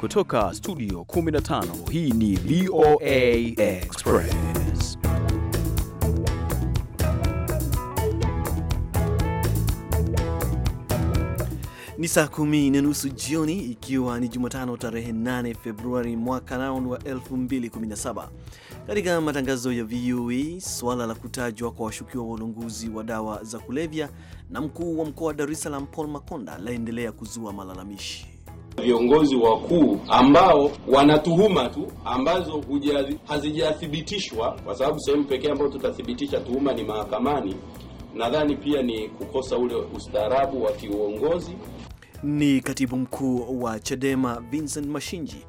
Kutoka studio 15 hii ni VOA Express. Ni saa kumi na nusu jioni ikiwa ni Jumatano tarehe 8 Februari mwaka nao wa 2017. Katika matangazo ya VOA, swala la kutajwa kwa washukiwa wa ulunguzi wa dawa za kulevya na mkuu wa mkoa wa Dar es Salaam Paul Makonda laendelea kuzua malalamishi viongozi wakuu ambao wanatuhuma tu ambazo hazijathibitishwa, kwa sababu sehemu pekee ambayo tutathibitisha tuhuma ni mahakamani. Nadhani pia ni kukosa ule ustaarabu wa kiuongozi. Ni katibu mkuu wa Chadema Vincent Mashinji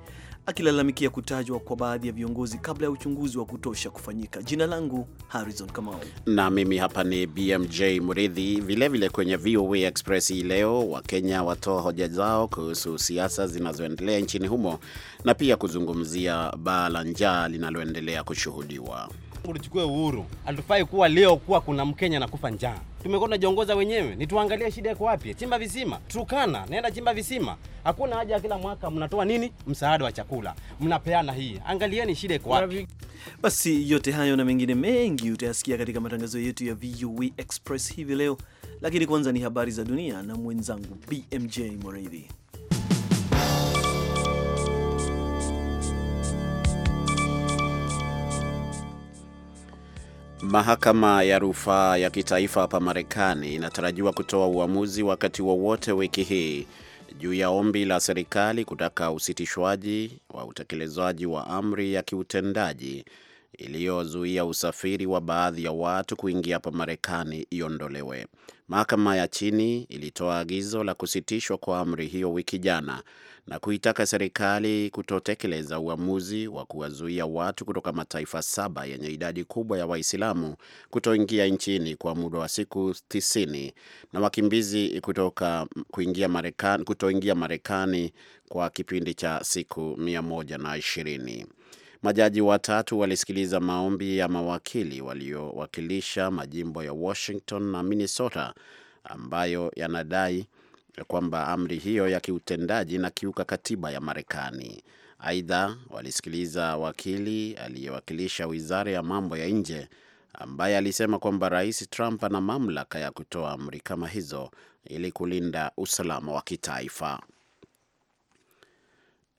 akilalamikia kutajwa kwa baadhi ya viongozi kabla ya uchunguzi wa kutosha kufanyika. Jina langu Harrison Kamau, na mimi hapa ni BMJ Muridhi. Vilevile kwenye VOA Express hii leo, Wakenya watoa hoja zao kuhusu siasa zinazoendelea nchini humo na pia kuzungumzia baa la njaa linaloendelea kushuhudiwa. Tuchukue uhuru. Hatufai kuwa leo kuwa kuna Mkenya kufa njaa. Tumekuwa tunajiongoza wenyewe, nituangalie shida iko wapi? Chimba visima. trukana nenda chimba visima. Hakuna haja kila mwaka mnatoa nini? Msaada wa chakula. Mnapeana hii. Angalieni shida iko wapi? Basi yote hayo na mengine mengi utayasikia katika matangazo yetu ya VUW e Express hivi leo, lakini kwanza ni habari za dunia na mwenzangu BMJ Moreidhi. Mahakama ya rufaa ya kitaifa hapa Marekani inatarajiwa kutoa uamuzi wakati wowote wa wiki hii juu ya ombi la serikali kutaka usitishwaji wa utekelezaji wa amri ya kiutendaji iliyozuia usafiri wa baadhi ya watu kuingia hapa Marekani iondolewe. Mahakama ya chini ilitoa agizo la kusitishwa kwa amri hiyo wiki jana na kuitaka serikali kutotekeleza uamuzi wa kuwazuia watu kutoka mataifa saba yenye idadi kubwa ya Waislamu kutoingia nchini kwa muda wa siku tisini na wakimbizi kutoka kuingia Marekani, kutoingia Marekani kwa kipindi cha siku mia moja na ishirini. Majaji watatu walisikiliza maombi ya mawakili waliowakilisha majimbo ya Washington na Minnesota ambayo yanadai kwamba amri hiyo ya kiutendaji kiuka katiba ya Marekani. Aidha, walisikiliza wakili aliyewakilisha wizara ya mambo ya nje ambaye alisema kwamba Rais Trump ana mamlaka ya kutoa amri kama hizo ili kulinda usalama wa kitaifa.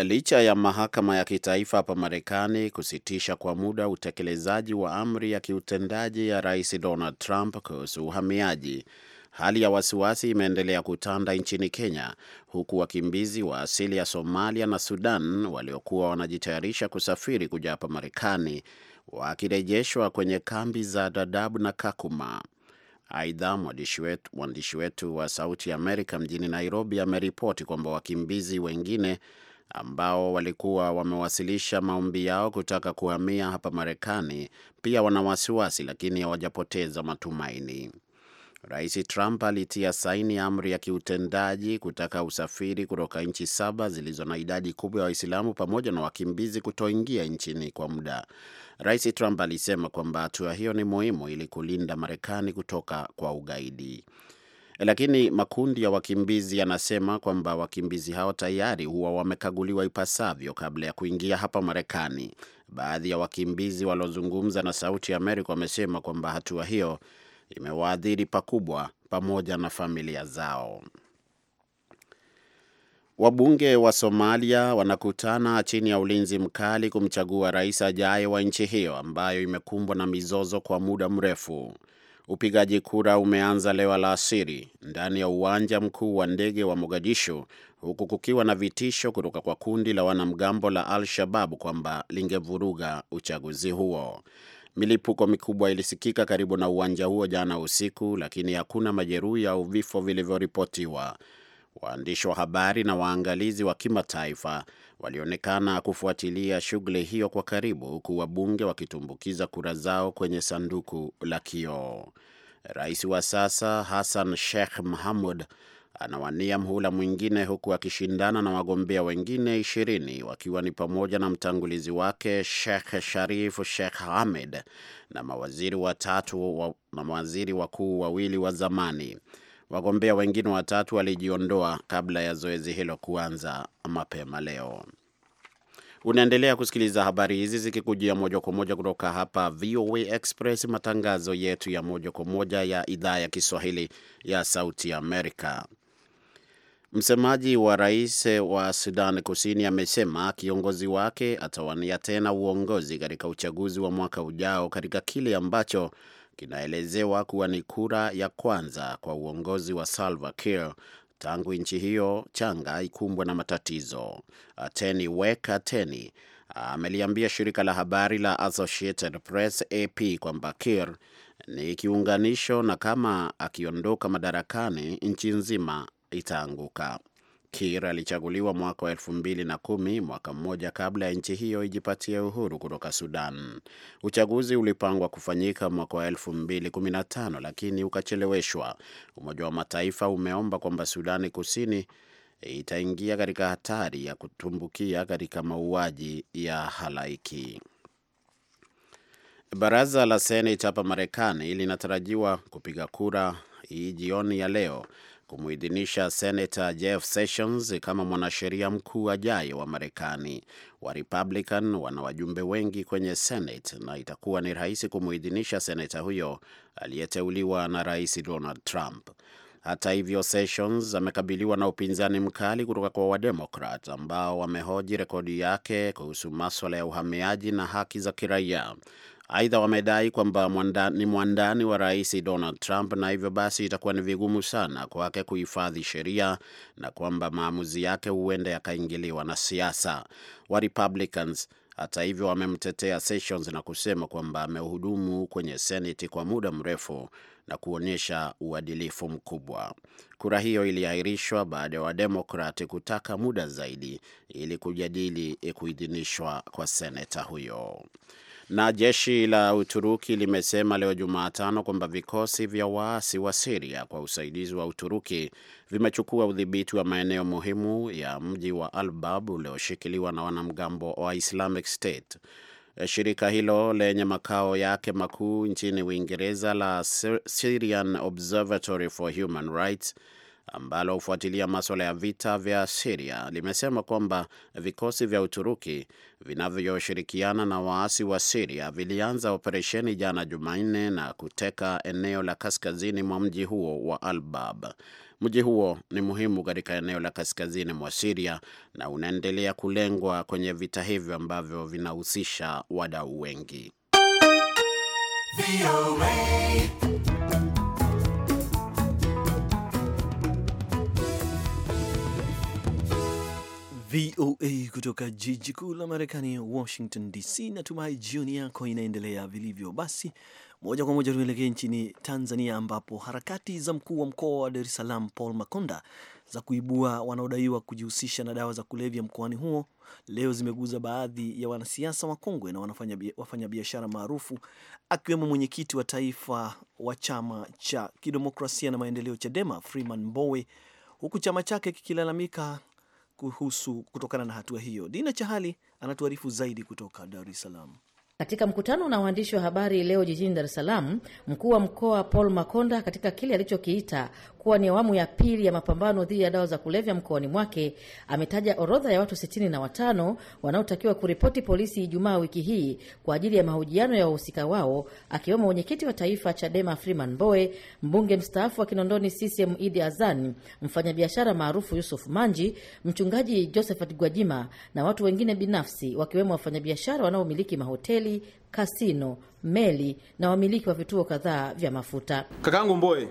Licha ya mahakama ya kitaifa hapa Marekani kusitisha kwa muda utekelezaji wa amri ya kiutendaji ya Rais Donald Trump kuhusu uhamiaji, hali ya wasiwasi imeendelea kutanda nchini Kenya, huku wakimbizi wa asili ya Somalia na Sudan waliokuwa wanajitayarisha kusafiri kuja hapa Marekani wakirejeshwa kwenye kambi za Dadaab na Kakuma. Aidha, mwandishi wetu wa Sauti ya Amerika mjini Nairobi ameripoti kwamba wakimbizi wengine ambao walikuwa wamewasilisha maombi yao kutaka kuhamia hapa Marekani pia wana wasiwasi, lakini hawajapoteza matumaini. Rais Trump alitia saini amri ya kiutendaji kutaka usafiri kutoka nchi saba zilizo na idadi kubwa ya Waislamu pamoja na wakimbizi kutoingia nchini kwa muda. Rais Trump alisema kwamba hatua hiyo ni muhimu ili kulinda Marekani kutoka kwa ugaidi lakini makundi ya wakimbizi yanasema kwamba wakimbizi hao tayari huwa wamekaguliwa ipasavyo kabla ya kuingia hapa Marekani. Baadhi ya wakimbizi waliozungumza na Sauti ya Amerika wamesema kwamba hatua hiyo imewaathiri pakubwa pamoja na familia zao. Wabunge wa Somalia wanakutana chini ya ulinzi mkali kumchagua rais ajaye wa nchi hiyo ambayo imekumbwa na mizozo kwa muda mrefu. Upigaji kura umeanza leo alasiri ndani ya uwanja mkuu wa ndege wa Mogadishu, huku kukiwa na vitisho kutoka kwa kundi la wanamgambo la Al-Shababu kwamba lingevuruga uchaguzi huo. Milipuko mikubwa ilisikika karibu na uwanja huo jana usiku, lakini hakuna majeruhi au vifo vilivyoripotiwa waandishi wa habari na waangalizi wa kimataifa walionekana kufuatilia shughuli hiyo kwa karibu, huku wabunge wakitumbukiza kura zao kwenye sanduku la kioo. Rais wa sasa Hassan Sheikh Mohamud anawania mhula mwingine huku akishindana na wagombea wengine ishirini wakiwa ni pamoja na mtangulizi wake Sheikh Sharif Sheikh Hamed na mawaziri watatu na mawaziri wakuu wawili wa zamani. Wagombea wengine watatu walijiondoa kabla ya zoezi hilo kuanza mapema leo. Unaendelea kusikiliza habari hizi zikikujia moja kwa moja kutoka hapa VOA Express, matangazo yetu ya moja kwa moja ya idhaa ya Kiswahili ya Sauti Amerika. Msemaji wa rais wa Sudan Kusini amesema kiongozi wake atawania tena uongozi katika uchaguzi wa mwaka ujao katika kile ambacho kinaelezewa kuwa ni kura ya kwanza kwa uongozi wa Salva Kiir tangu nchi hiyo changa ikumbwe na matatizo. Ateni Wek Ateni ameliambia shirika la habari la Associated Press AP kwamba Kiir ni kiunganisho na kama akiondoka madarakani, nchi nzima itaanguka. Kir alichaguliwa mwaka wa elfu mbili na kumi, mwaka mmoja kabla ya nchi hiyo ijipatie uhuru kutoka Sudan. Uchaguzi ulipangwa kufanyika mwaka wa elfu mbili kumi na tano lakini ukacheleweshwa. Umoja wa Mataifa umeomba kwamba Sudani Kusini itaingia katika hatari ya kutumbukia katika mauaji ya halaiki. Baraza la Seneti hapa Marekani linatarajiwa kupiga kura hii jioni ya leo kumuidhinisha Senata Jeff Sessions kama mwanasheria mkuu ajaye wa Marekani. Wa Republican wana wajumbe wengi kwenye Senate na itakuwa ni rahisi kumuidhinisha senata huyo aliyeteuliwa na Rais Donald Trump. Hata hivyo, Sessions amekabiliwa na upinzani mkali kutoka kwa Wademokrat ambao wamehoji rekodi yake kuhusu maswala ya uhamiaji na haki za kiraia. Aidha, wamedai kwamba ni mwandani wa rais Donald Trump na hivyo basi itakuwa ni vigumu sana kwake kuhifadhi sheria na kwamba maamuzi yake huenda yakaingiliwa na siasa. Wa Republicans hata hivyo wamemtetea Sessions na kusema kwamba amehudumu kwenye Seneti kwa muda mrefu na kuonyesha uadilifu mkubwa. Kura hiyo iliahirishwa baada ya Wademokrati kutaka muda zaidi ili kujadili kuidhinishwa kwa seneta huyo. Na jeshi la Uturuki limesema leo Jumatano kwamba vikosi vya waasi wa Siria kwa usaidizi wa Uturuki vimechukua udhibiti wa maeneo muhimu ya mji wa Albab ulioshikiliwa na wanamgambo wa Islamic State. Eh, shirika hilo lenye makao yake makuu nchini Uingereza la Syrian Observatory for Human Rights ambalo hufuatilia maswala ya vita vya Siria limesema kwamba vikosi vya Uturuki vinavyoshirikiana na waasi wa Siria vilianza operesheni jana Jumanne na kuteka eneo la kaskazini mwa mji huo wa Albab. Mji huo ni muhimu katika eneo la kaskazini mwa Siria na unaendelea kulengwa kwenye vita hivyo ambavyo vinahusisha wadau wengi. VOA kutoka jiji kuu la Marekani, Washington DC. Natumai jioni yako inaendelea vilivyo. Basi moja kwa moja tuelekee nchini Tanzania, ambapo harakati za mkuu wa mkoa wa Dar es Salaam Paul Makonda za kuibua wanaodaiwa kujihusisha na dawa za kulevya mkoani huo leo zimeguza baadhi ya wanasiasa wakongwe na wafanyabiashara maarufu, akiwemo mwenyekiti wa taifa wa chama cha kidemokrasia na maendeleo CHADEMA Freeman Mbowe, huku chama chake kikilalamika kuhusu kutokana na hatua hiyo. Dina Chahali anatuarifu zaidi kutoka Dar es Salaam. Katika mkutano na waandishi wa habari leo jijini Dar es Salaam, mkuu wa mkoa Paul Makonda, katika kile alichokiita kuwa ni awamu ya pili ya mapambano dhidi ya dawa za kulevya mkoani mwake, ametaja orodha ya watu sitini na watano wanaotakiwa kuripoti polisi Ijumaa wiki hii kwa ajili ya mahojiano ya wahusika wao, akiwemo mwenyekiti wa taifa Chadema Freeman Mbowe, mbunge mstaafu wa Kinondoni CCM Idi Azani, mfanyabiashara maarufu Yusuf Manji, mchungaji Josephat Gwajima na watu wengine binafsi, wakiwemo wafanyabiashara wanaomiliki mahoteli hoteli kasino, meli na wamiliki wa vituo kadhaa vya mafuta. Kakangu Mboe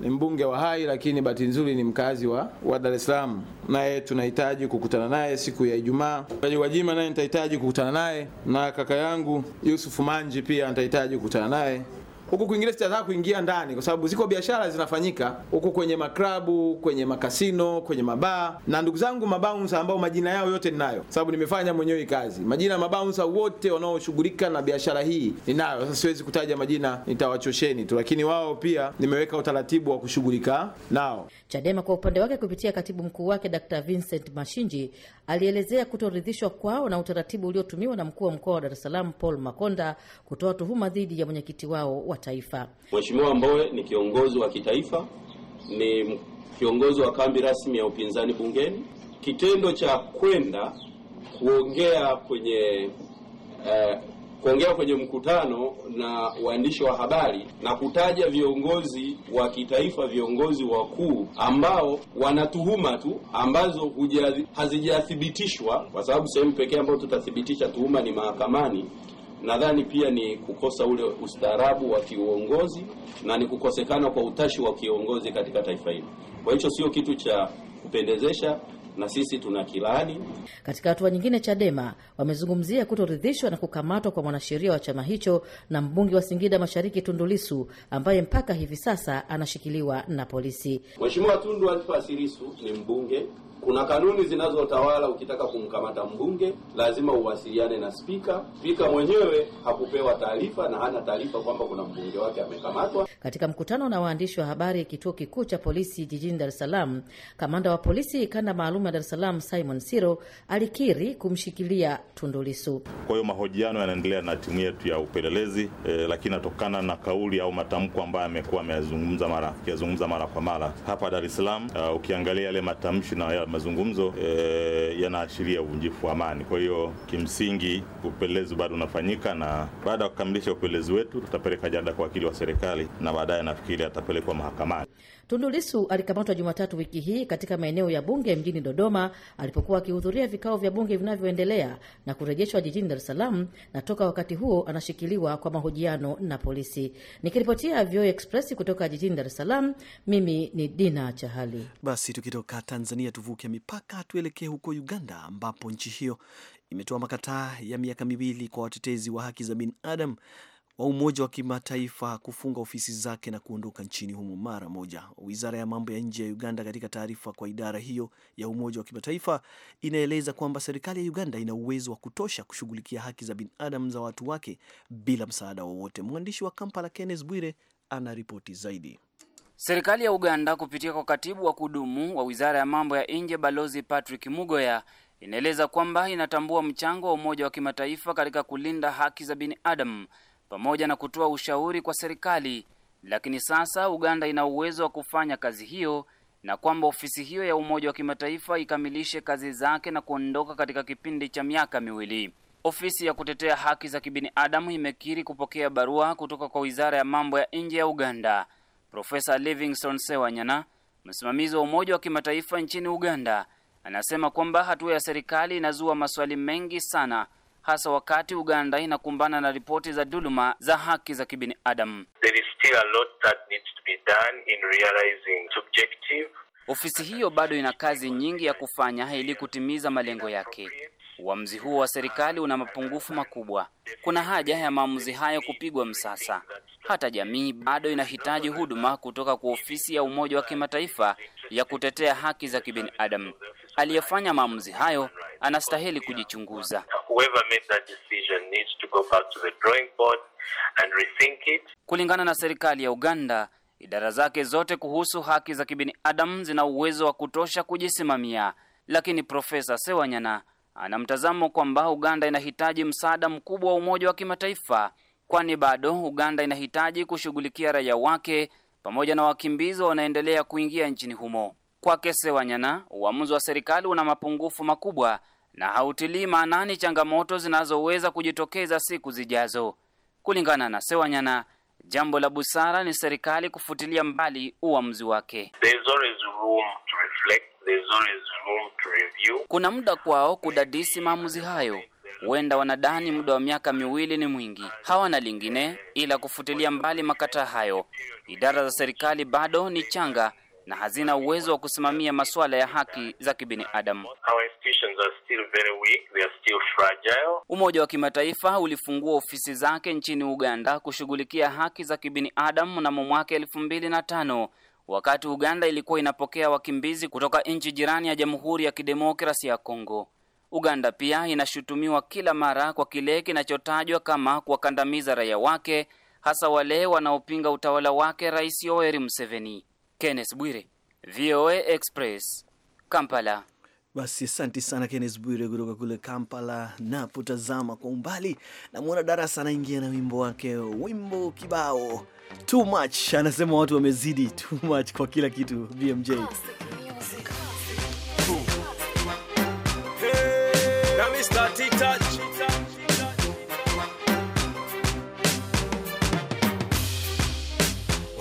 ni mbunge wa Hai, lakini bahati nzuri ni mkazi wa, wa Dar es Salaam, naye tunahitaji kukutana naye siku ya Ijumaa. Kaji naye nitahitaji kukutana naye na kaka yangu Yusufu Manji pia nitahitaji kukutana naye huku kwingine sitataka kuingia ndani, kwa sababu ziko biashara zinafanyika huku kwenye maklabu, kwenye makasino, kwenye mabaa. Na ndugu zangu mabaunsa ambao majina yao yote ninayo, sababu nimefanya mwenyewe kazi, majina ya mabaunsa wote wanaoshughulika na biashara hii ninayo. Sasa siwezi kutaja majina, nitawachosheni tu, lakini wao pia nimeweka utaratibu wa kushughulika nao. Chadema kwa upande wake kupitia katibu mkuu wake Dr. Vincent Mashinji alielezea kutoridhishwa kwao na utaratibu uliotumiwa na mkuu wa mkoa wa Dar es Salaam Paul Makonda kutoa tuhuma dhidi ya mwenyekiti wao wa taifa. Mheshimiwa Mbowe ni kiongozi wa kitaifa, ni kiongozi wa kambi rasmi ya upinzani bungeni. Kitendo cha kwenda kuongea kwenye eh, kuongea kwenye mkutano na waandishi wa habari na kutaja viongozi wa kitaifa, viongozi wakuu ambao wanatuhuma tu ambazo hazijathibitishwa, kwa sababu sehemu pekee ambayo tutathibitisha tuhuma ni mahakamani. Nadhani pia ni kukosa ule ustaarabu wa kiuongozi na ni kukosekana kwa utashi wa kiongozi katika taifa hili. Kwa hicho sio kitu cha kupendezesha na sisi tuna kilani. Katika hatua nyingine, Chadema wamezungumzia kutoridhishwa na kukamatwa kwa mwanasheria wa chama hicho na mbunge wa Singida Mashariki tundulisu ambaye mpaka hivi sasa anashikiliwa na polisi. Mheshimiwa Tundu Antipas Lissu ni mbunge kuna kanuni zinazotawala, ukitaka kumkamata mbunge lazima uwasiliane na spika. Spika mwenyewe hakupewa taarifa na hana taarifa kwamba kuna mbunge wake amekamatwa. Katika mkutano na waandishi wa habari kituo kikuu cha polisi jijini Dar salam Salaam, kamanda wa polisi kanda maalum ya dares salam Salaam Simon Siro alikiri kumshikilia tundulisu Kwa hiyo mahojiano yanaendelea na timu yetu ya upelelezi eh, lakini natokana na kauli au matamko ambayo amekuwa ameyazungumza mara mara kwa mara hapa Dar es Salaam. Uh, ukiangalia yale matamshi na mazungumzo e, yanaashiria uvunjifu wa amani. Kwa hiyo kimsingi upelelezi bado unafanyika, na baada ya kukamilisha upelelezi wetu tutapeleka jalada kwa wakili wa serikali na baadaye nafikiri atapelekwa mahakamani. Tundu alikamatwa Jumatatu wiki hii katika maeneo ya bunge mjini Dodoma alipokuwa akihudhuria vikao vya bunge vinavyoendelea na kurejeshwa jijini Dar es Salaam, na toka wakati huo anashikiliwa kwa mahojiano na polisi. Nikiripotia VOA Express kutoka jijini Dar es Salaam, mimi ni Dina Chahali. Basi tukitoka Tanzania tuvuke mipaka tuelekee huko Uganda ambapo nchi hiyo imetoa makataa ya miaka miwili kwa watetezi wa haki za binadamu wa Umoja wa Kimataifa kufunga ofisi zake na kuondoka nchini humo mara moja. Wizara ya mambo ya nje ya Uganda, katika taarifa kwa idara hiyo ya Umoja wa Kimataifa, inaeleza kwamba serikali ya Uganda ina uwezo wa kutosha kushughulikia haki za binadamu za watu wake bila msaada wowote. Mwandishi wa Kampala Kenneth Bwire anaripoti zaidi. Serikali ya Uganda kupitia kwa katibu wa kudumu wa wizara ya mambo ya nje Balozi Patrick Mugoya inaeleza kwamba inatambua mchango wa Umoja wa Kimataifa katika kulinda haki za binadamu pamoja na kutoa ushauri kwa serikali, lakini sasa Uganda ina uwezo wa kufanya kazi hiyo na kwamba ofisi hiyo ya Umoja wa Kimataifa ikamilishe kazi zake na kuondoka katika kipindi cha miaka miwili. Ofisi ya kutetea haki za kibinadamu imekiri kupokea barua kutoka kwa Wizara ya Mambo ya Nje ya Uganda. Profesa Livingstone Sewanyana, msimamizi wa Umoja wa Kimataifa nchini Uganda, anasema kwamba hatua ya serikali inazua maswali mengi sana hasa wakati Uganda inakumbana na ripoti za dhuluma za haki za kibinadamu. Ofisi hiyo bado ina kazi nyingi ya kufanya ili kutimiza malengo yake. Uamuzi huo wa serikali una mapungufu makubwa. Kuna haja ya maamuzi hayo kupigwa msasa. Hata jamii bado inahitaji huduma kutoka kwa ofisi ya Umoja wa Kimataifa ya kutetea haki za kibinadamu. Aliyefanya maamuzi hayo anastahili kujichunguza whoever made that decision needs to go back to the drawing board and rethink it. Kulingana na serikali ya Uganda, idara zake zote kuhusu haki za kibinadamu zina uwezo wa kutosha kujisimamia, lakini Profesa Sewanyana ana mtazamo kwamba Uganda inahitaji msaada mkubwa wa Umoja wa Kimataifa, kwani bado Uganda inahitaji kushughulikia raia wake pamoja na wakimbizi wanaendelea kuingia nchini humo. Kwake Sewanyana, uamuzi wa serikali una mapungufu makubwa na hautilii maanani changamoto zinazoweza kujitokeza siku zijazo. Kulingana na Sewanyana, jambo la busara ni serikali kufutilia mbali uamuzi wake. Kuna muda kwao kudadisi maamuzi hayo. Huenda wanadani muda wa miaka miwili ni mwingi, hawana lingine ila kufutilia mbali makataa hayo. Idara za serikali bado ni changa na hazina uwezo wa kusimamia masuala ya haki za kibinadamu. Umoja wa Kimataifa ulifungua ofisi zake nchini Uganda kushughulikia haki za kibinadamu mnamo mwaka elfu mbili na tano wakati Uganda ilikuwa inapokea wakimbizi kutoka nchi jirani ya Jamhuri ya kidemokrasia ya Kongo. Uganda pia inashutumiwa kila mara kwa kile kinachotajwa kama kuwakandamiza raia wake, hasa wale wanaopinga utawala wake Rais Yoweri Museveni. Kenneth Bwire, VOA Express, Kampala. Basi asante sana Kenneth Bwire kutoka kule Kampala. Napotazama kwa umbali, namwona Darasa anaingia na wimbo wake, wimbo kibao too much. Anasema watu wamezidi too much kwa kila kitu. BMJ hey,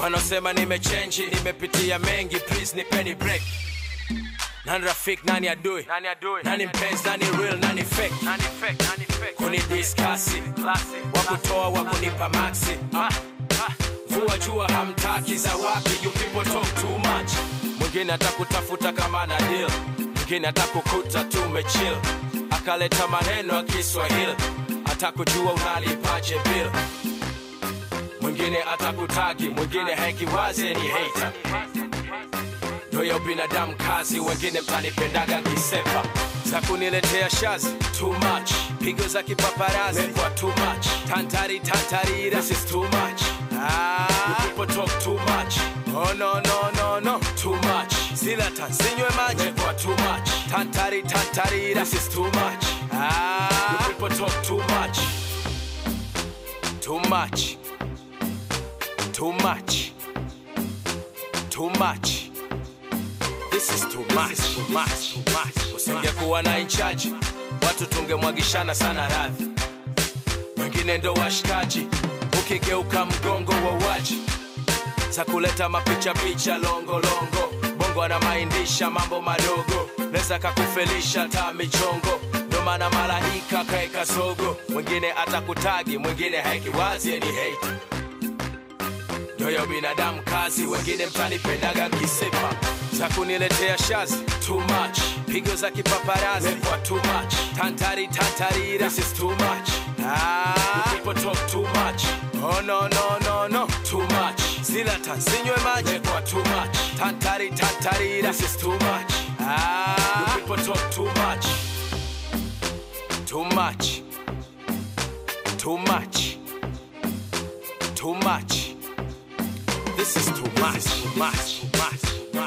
wanaosema nimechenji, nimepitia mengi, please nipeni break. Nani rafik, nani adui, nani, adui. nani mpenzi, nani real, nani fake, nani fake, nani fake. kuni diskasi wakutoa wakunipa maxi ah, jua hamtaki za wapi, you people talk too much. Mwingine atakutafuta kama na deal, mwingine atakukuta mechill akaleta maneno ya Kiswahili, atakujua unalipaje bill mwingine atakutagi, mwingine haikiwazi ni hater. Ndo binadamu kazi, wengine mtanipendaga kisepa za kuniletea shazi too much, pigo za kipaparazi kwa too much, tantari tantarira this is too much ah. people talk too much oh no no no no too much, sila tansinywe maji kwa too much, tantari tantarira this is too much ah. people talk too much too much Too much. Too much. This is too much. Too much. Too much. Usingekuwa na inchaji, watu tungemwagishana sana radhi, wengine ndo washikaji, ukigeuka mgongo wa waji za kuleta mapichapicha longolongo, bongo anamaindisha mambo madogo, neza kakufelisha ta michongo mana malaika kaeka sogo, mwingine atakutagi, mwingine haikiwazi ni hate nyoyo binadamu kazi, wengine mtanipendaga kisepa za kuniletea shazi too much, pigo za kipaparazi kwa too much, tantari tantari, this is too much ah, people talk too much oh no no no no too much, sila tansinywe maji kwa too much, tantari tantari, this is too much ah, people talk too much too much too much too much this is too much. much. much.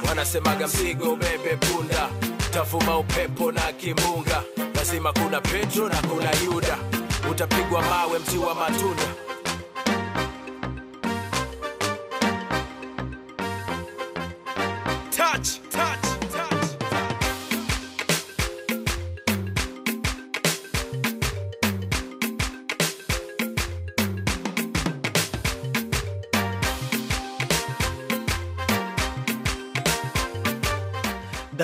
Wanasemaga mzigo bebe punda, tafuma upepo na kimunga, lazima kuna Petro na kuna Yuda, utapigwa mawe mti wa matunda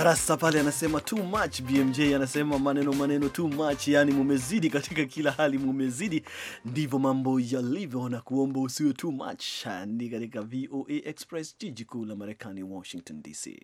darasa pale anasema too much. BMJ anasema maneno maneno too much, yani mumezidi katika kila hali, mumezidi. Ndivyo mambo yalivyo, na kuomba usiwe too much. Ni katika VOA Express, jiji kuu la Marekani, Washington DC.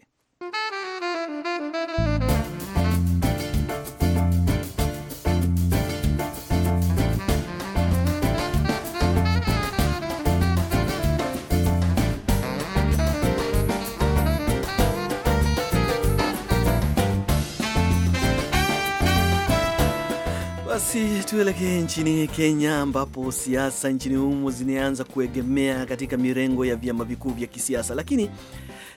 Basi tuelekee nchini Kenya ambapo siasa nchini humo zimeanza kuegemea katika mirengo ya vyama vikuu vya kisiasa, lakini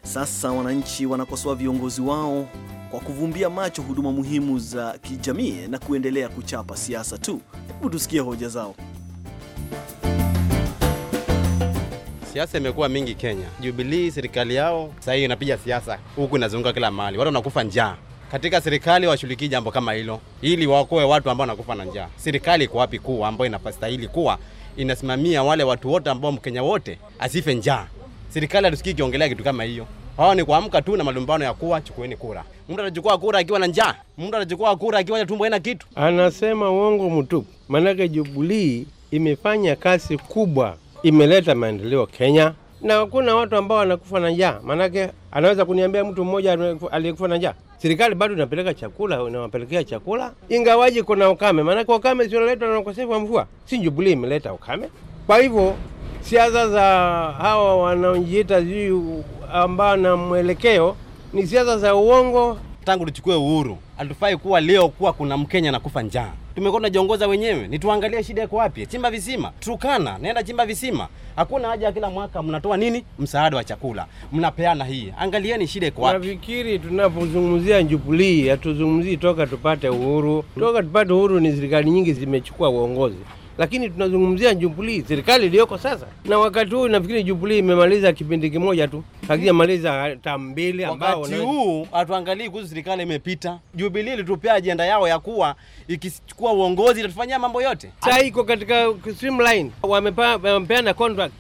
sasa wananchi wanakosoa viongozi wao kwa kuvumbia macho huduma muhimu za kijamii na kuendelea kuchapa siasa tu. Hebu tusikie hoja zao. Siasa imekuwa mingi Kenya. Jubilii serikali yao sahii inapiga siasa huku, inazunguka kila mahali, watu wanakufa njaa katika serikali washughulikie jambo kama hilo, ili waokoe watu ambao wanakufa na njaa. Serikali iko wapi kuu ambayo inapastahili kuwa inasimamia wale watu wote ambao Mkenya wote asife njaa? Serikali hatusikii ikiongelea kitu kama hiyo. Hao ni kuamka tu na malumbano ya kuwa chukueni kura. Mtu anachukua kura akiwa na njaa, mtu anachukua kura akiwa tumbo kitu. Anasema uongo mtupu, maanake Jubilee imefanya kazi kubwa, imeleta maendeleo Kenya na kuna watu ambao wanakufa na njaa. Maanake anaweza kuniambia mtu mmoja aliyekufa na njaa? Serikali bado inapeleka chakula, inawapelekea chakula ingawaji kuna ukame. Maanake ukame sioletwa na ukosefu wa mvua, si Jubilee imeleta ukame. Kwa hivyo siasa za hawa wanaojiita sijui ambao na mwelekeo ni siasa za uongo. Tangu tuchukue uhuru Hatufai kuwa leo kuwa kuna Mkenya na kufa njaa. Tumekuwa tunajiongoza wenyewe, nituangalie shida iko wapi? Chimba visima. trukana naenda chimba visima. Hakuna haja kila mwaka mnatoa nini? Msaada wa chakula. Mnapeana hii. Angalieni shida iko wapi? Nafikiri tunapozungumzia Jubilee hatuzungumzii toka tupate uhuru. Toka tupate uhuru ni serikali nyingi zimechukua uongozi lakini tunazungumzia Jubilee, serikali iliyoko sasa, na wakati huu nafikiri Jubilee imemaliza kipindi kimoja tu, maliza hata mbili. Ambao wakati huu hatuangalii kuhusu serikali imepita. Jubilee ilitupea ajenda yao ya kuwa ikichukua uongozi itatufanyia mambo yote. Sasa iko katika streamline, wamepeana contract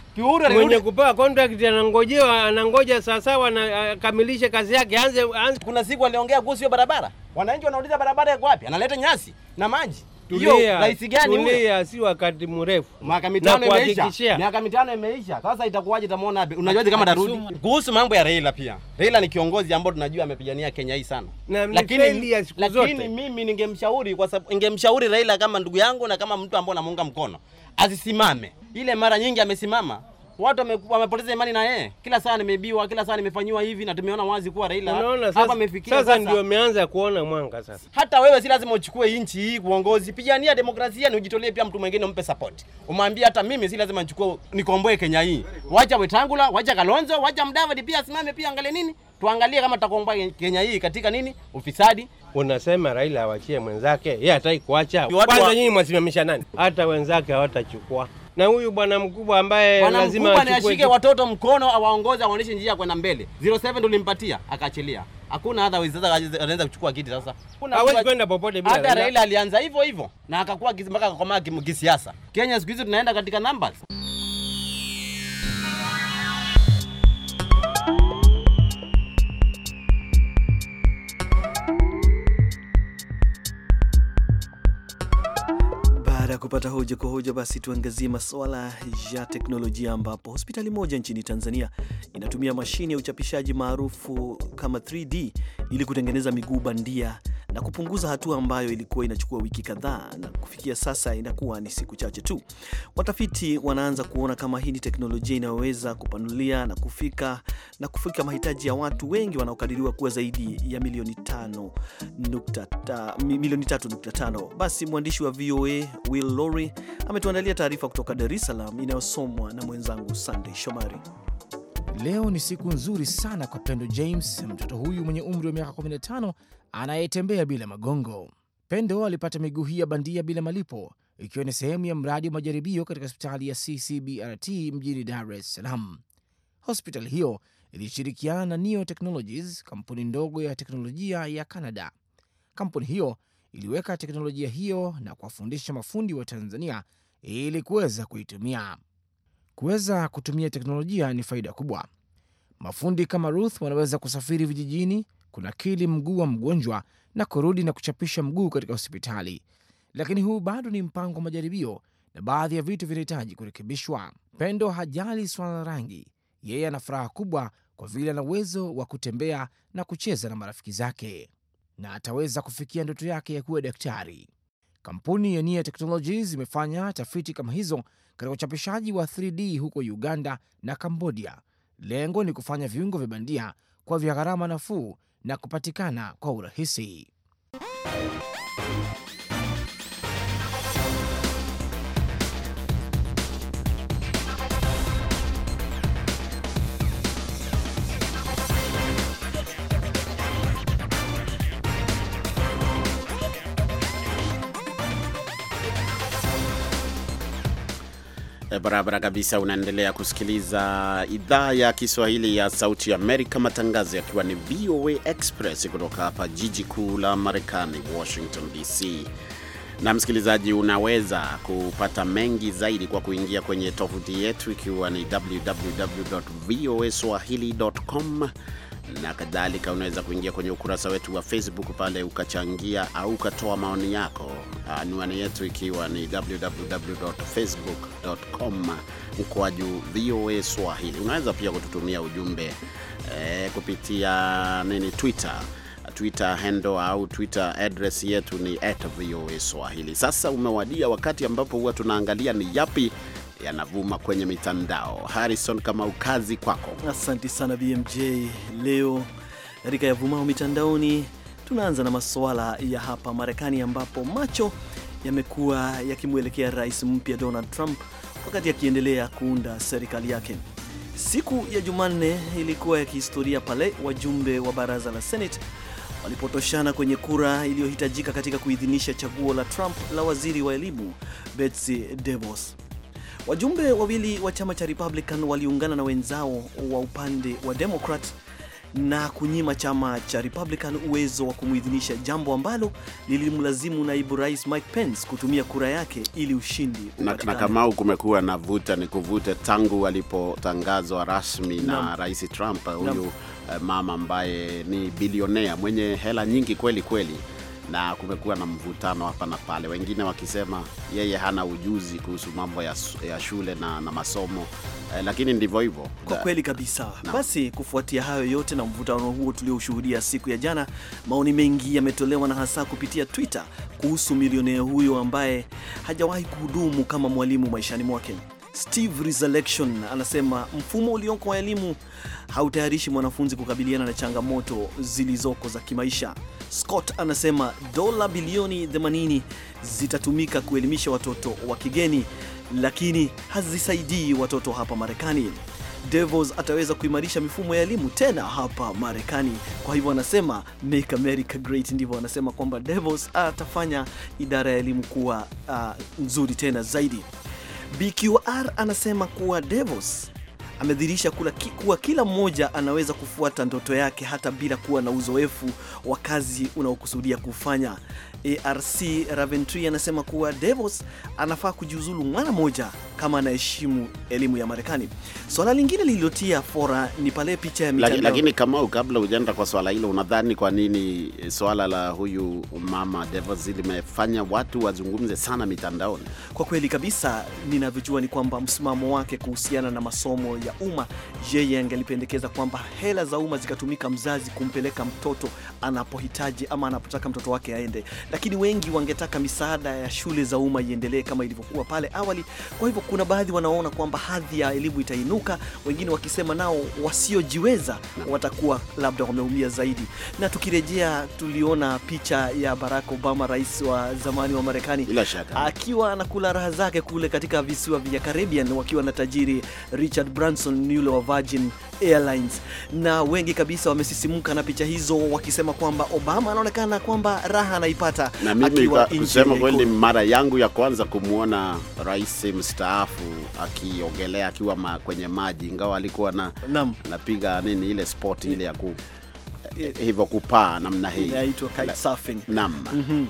mwenye kupewa contract anangojewa, anangoja sawasawa, akamilishe kazi yake, anze, anze. Kuna siku aliongea kuhusu hiyo barabara, wananchi wanauliza barabara iko wapi? Analeta nyasi na maji Tulia, rais gani huyo? Tulia, si wakati mrefu. Miaka mitano imeisha. Miaka mitano imeisha. Sasa itakuwaje tamuona wapi? Unajuaje kama darudi? Kuhusu mambo ya Raila pia. Raila ni kiongozi ambao tunajua amepigania Kenya hii sana. Lakini lakini mimi ningemshauri kwa sababu ningemshauri Raila kama ndugu yangu na kama mtu ambaye namuunga mkono. Asisimame. Ile mara nyingi amesimama watu wamepoteza imani na yeye. Kila saa nimebiwa, kila saa nimefanyiwa hivi, na tumeona wazi kuwa Raila hapa amefikia sasa, sasa ndio ameanza kuona mwanga sasa. Hata wewe si lazima uchukue nchi hii uongozi, pigania demokrasia ni ujitolee pia, mtu mwingine umpe support, umwambie hata mimi si lazima nichukue nikomboe Kenya hii, wacha Wetangula, wacha Kalonzo, wacha Mudavadi pia asimame pia, angalie nini, tuangalie kama tutakomboa Kenya hii katika nini, ufisadi Unasema Raila awachie mwenzake, yeye hataki kuacha. Kwanza nyinyi mwasimamisha nani? Hata wenzake hawatachukua na huyu bwana mkubwa ambaye bwana lazima mkubwa watoto mkono awaongoze awaoneshe njia ya kwenda mbele. 07 tulimpatia akaachilia, hakuna otherwise. Sasa anaweza kuchukua kiti sasa, hawezi kwenda popote bila. Hata Raila alianza hivyo hivyo na akakuwa mpaka akakomaa kisiasa. Kenya siku hizi tunaenda katika numbers. Baada ya kupata hoja kwa hoja, basi tuangazie masuala ya teknolojia, ambapo hospitali moja nchini Tanzania inatumia mashine ya uchapishaji maarufu kama 3D ili kutengeneza miguu bandia na kupunguza hatua ambayo ilikuwa inachukua wiki kadhaa na kufikia sasa inakuwa ni siku chache tu. Watafiti wanaanza kuona kama hii ni teknolojia inayoweza kupanulia na kufika na kufika mahitaji ya watu wengi wanaokadiriwa kuwa zaidi ya milioni 3.5. Basi mwandishi wa VOA Will Lowry ametuandalia taarifa kutoka Dar es Salaam inayosomwa na mwenzangu sandey Shomari. Leo ni siku nzuri sana kwa Pendo James, mtoto huyu mwenye umri wa miaka 15 anayetembea bila magongo. Pendo alipata miguu hii ya bandia bila malipo, ikiwa ni sehemu ya mradi wa majaribio katika hospitali ya CCBRT mjini Dar es Salaam. Hospitali hiyo ilishirikiana na Neo Technologies, kampuni ndogo ya teknolojia ya Canada. Kampuni hiyo iliweka teknolojia hiyo na kuwafundisha mafundi wa Tanzania ili kuweza kuitumia. Kuweza kutumia teknolojia ni faida kubwa. Mafundi kama Ruth wanaweza kusafiri vijijini, kunakili mguu wa mgonjwa na kurudi na kuchapisha mguu katika hospitali. Lakini huu bado ni mpango wa majaribio na baadhi ya vitu vinahitaji kurekebishwa. Pendo hajali swala la rangi, yeye ana furaha kubwa kwa vile ana uwezo wa kutembea na kucheza na marafiki zake na ataweza kufikia ndoto yake ya kuwa daktari. Kampuni ya Nia Technologies imefanya tafiti kama hizo katika uchapishaji wa 3D huko Uganda na Kambodia. Lengo ni kufanya viungo vya bandia kwa vya gharama nafuu na kupatikana kwa urahisi. Eh, barabara kabisa. Unaendelea kusikiliza idhaa ya Kiswahili ya Sauti Amerika, matangazo yakiwa ni VOA Express kutoka hapa jiji kuu la Marekani, Washington DC. Na msikilizaji, unaweza kupata mengi zaidi kwa kuingia kwenye tovuti yetu ikiwa ni www voa swahili.com na kadhalika. Unaweza kuingia kwenye ukurasa wetu wa Facebook pale ukachangia au ukatoa maoni yako, anwani yetu ikiwa ni www.facebook.com mkoaju VOA Swahili. Unaweza pia kututumia ujumbe e, kupitia nini Twitter Twitter handle au Twitter address yetu ni at voa swahili Sasa umewadia wakati ambapo huwa tunaangalia ni yapi yanavuma kwenye mitandao. Harrison, kama ukazi kwako. Asante sana BMJ. Leo katika yavumao mitandaoni tunaanza na masuala ya hapa Marekani ambapo macho yamekuwa yakimwelekea rais mpya Donald Trump wakati akiendelea kuunda serikali yake. Siku ya Jumanne ilikuwa ya kihistoria pale wajumbe wa baraza la Senate walipotoshana kwenye kura iliyohitajika katika kuidhinisha chaguo la Trump la waziri wa elimu Betsy DeVos. Wajumbe wawili wa chama cha Republican waliungana na wenzao wa upande wa Democrat na kunyima chama cha Republican uwezo wa kumuidhinisha, jambo ambalo lilimlazimu naibu rais Mike Pence kutumia kura yake ili ushindi upatikane. Na Kamau, kumekuwa na vuta ni kuvute tangu alipotangazwa rasmi na, na rais Trump huyu eh, mama ambaye ni bilionea mwenye hela nyingi kweli kweli na kumekuwa na mvutano hapa na pale, wengine wakisema yeye hana ujuzi kuhusu mambo ya, ya shule na, na masomo eh, lakini ndivyo hivyo kwa kweli kabisa na. Basi kufuatia hayo yote na mvutano huo tulioshuhudia siku ya jana, maoni mengi yametolewa na hasa kupitia Twitter kuhusu milionea huyo ambaye hajawahi kuhudumu kama mwalimu maishani mwake. Steve Resurrection anasema mfumo ulioko wa elimu hautayarishi mwanafunzi kukabiliana na changamoto zilizoko za kimaisha. Scott anasema dola bilioni 80 zitatumika kuelimisha watoto wa kigeni, lakini hazisaidii watoto hapa Marekani. Devos ataweza kuimarisha mifumo ya elimu tena hapa Marekani. Kwa hivyo anasema make America great, ndivyo anasema kwamba Devos atafanya idara ya elimu kuwa uh, nzuri tena zaidi. BQR anasema kuwa Devos amedhihirisha kuwa kila mmoja anaweza kufuata ndoto yake hata bila kuwa na uzoefu wa kazi unaokusudia kufanya. ARC Raventry anasema kuwa Davos anafaa kujiuzulu mara moja kama anaheshimu elimu ya Marekani. Swala lingine lililotia fora ni pale picha ya mitandao. Lakini Kamau, kabla hujaenda kwa swala hilo, unadhani kwa nini swala la huyu mama Davos limefanya watu wazungumze sana mitandaoni? Kwa kweli kabisa, ninavyojua ni kwamba msimamo wake kuhusiana na masomo ya uma Yeye angelipendekeza kwamba hela za umma zikatumika mzazi kumpeleka mtoto anapohitaji ama anapotaka mtoto wake aende, lakini wengi wangetaka misaada ya shule za umma iendelee kama ilivyokuwa pale awali. Kwa hivyo kuna baadhi wanaona kwamba hadhi ya elimu itainuka, wengine wakisema nao wasiojiweza watakuwa labda wameumia zaidi. Na tukirejea, tuliona picha ya Barack Obama, rais wa zamani wa Marekani, akiwa anakula raha zake kule katika visiwa vya Caribbean, wakiwa na tajiri Richard Branson yule wa Virgin Airlines, na wengi kabisa wamesisimuka na picha hizo wakisema kwamba Obama anaonekana kwamba raha anaipata. Na mimi kusema kweli, mara yangu ya kwanza kumwona rais mstaafu akiogelea akiwa ma, kwenye maji, ingawa alikuwa na napiga nini ile sport ile ya ku hivyo kupaa namna hii inaitwa kitesurfing. Naam. Mhm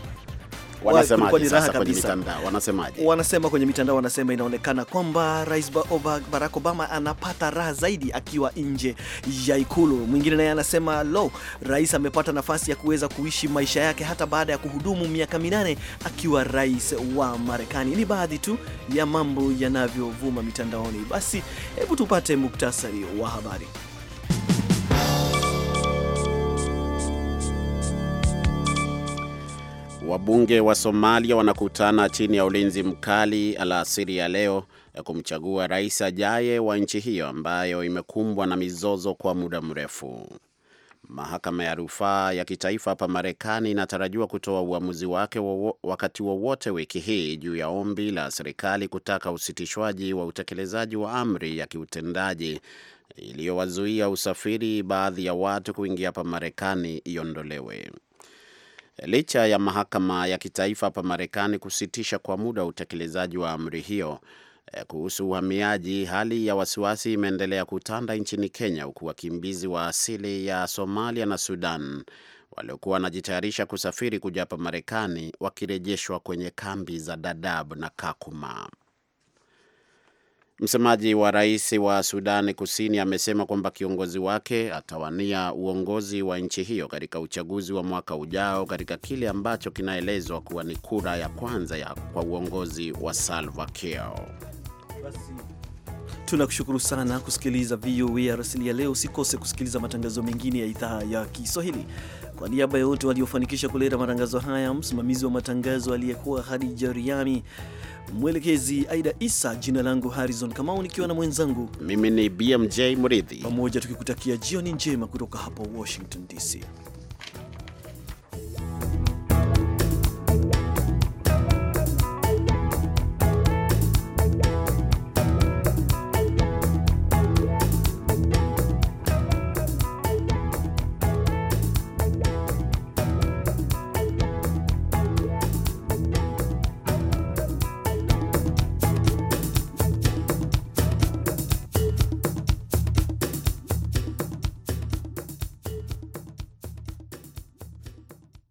ni raha kabisa. Wanasemaje? Wanasema kwenye mitandao, wanasema inaonekana kwamba Rais Barack Obama anapata raha zaidi akiwa nje ya Ikulu. Mwingine naye anasema lo, rais amepata nafasi ya kuweza kuishi maisha yake hata baada ya kuhudumu miaka minane akiwa rais wa Marekani. Ni baadhi tu ya mambo yanavyovuma mitandaoni. Basi hebu tupate muktasari wa habari. Wabunge wa Somalia wanakutana chini ya ulinzi mkali alasiri ya leo ya kumchagua rais ajaye wa nchi hiyo ambayo imekumbwa na mizozo kwa muda mrefu. Mahakama ya rufaa ya kitaifa hapa Marekani inatarajiwa kutoa uamuzi wake wakati wowote wa wiki hii juu ya ombi la serikali kutaka usitishwaji wa utekelezaji wa amri ya kiutendaji iliyowazuia usafiri baadhi ya watu kuingia hapa Marekani iondolewe licha ya mahakama ya kitaifa hapa Marekani kusitisha kwa muda utekelezaji wa amri hiyo. Eh, kuhusu uhamiaji, hali ya wasiwasi imeendelea kutanda nchini Kenya, huku wakimbizi wa asili ya Somalia na Sudan waliokuwa wanajitayarisha kusafiri kuja hapa Marekani wakirejeshwa kwenye kambi za Dadaab na Kakuma. Msemaji wa rais wa Sudani Kusini amesema kwamba kiongozi wake atawania uongozi wa nchi hiyo katika uchaguzi wa mwaka ujao katika kile ambacho kinaelezwa kuwa ni kura ya kwanza ya kwa uongozi wa Salva Kiir. Tunakushukuru sana kusikiliza VOA Rasili ya leo. Usikose kusikiliza matangazo mengine ya idhaa ya Kiswahili. Kwa niaba ya wote waliofanikisha kuleta matangazo haya, msimamizi wa matangazo aliyekuwa Hadija Riami mwelekezi Aida Isa. Jina langu Harrison Kamau, nikiwa na mwenzangu mimi ni BMJ Muridhi, pamoja tukikutakia jioni njema kutoka hapa Washington DC.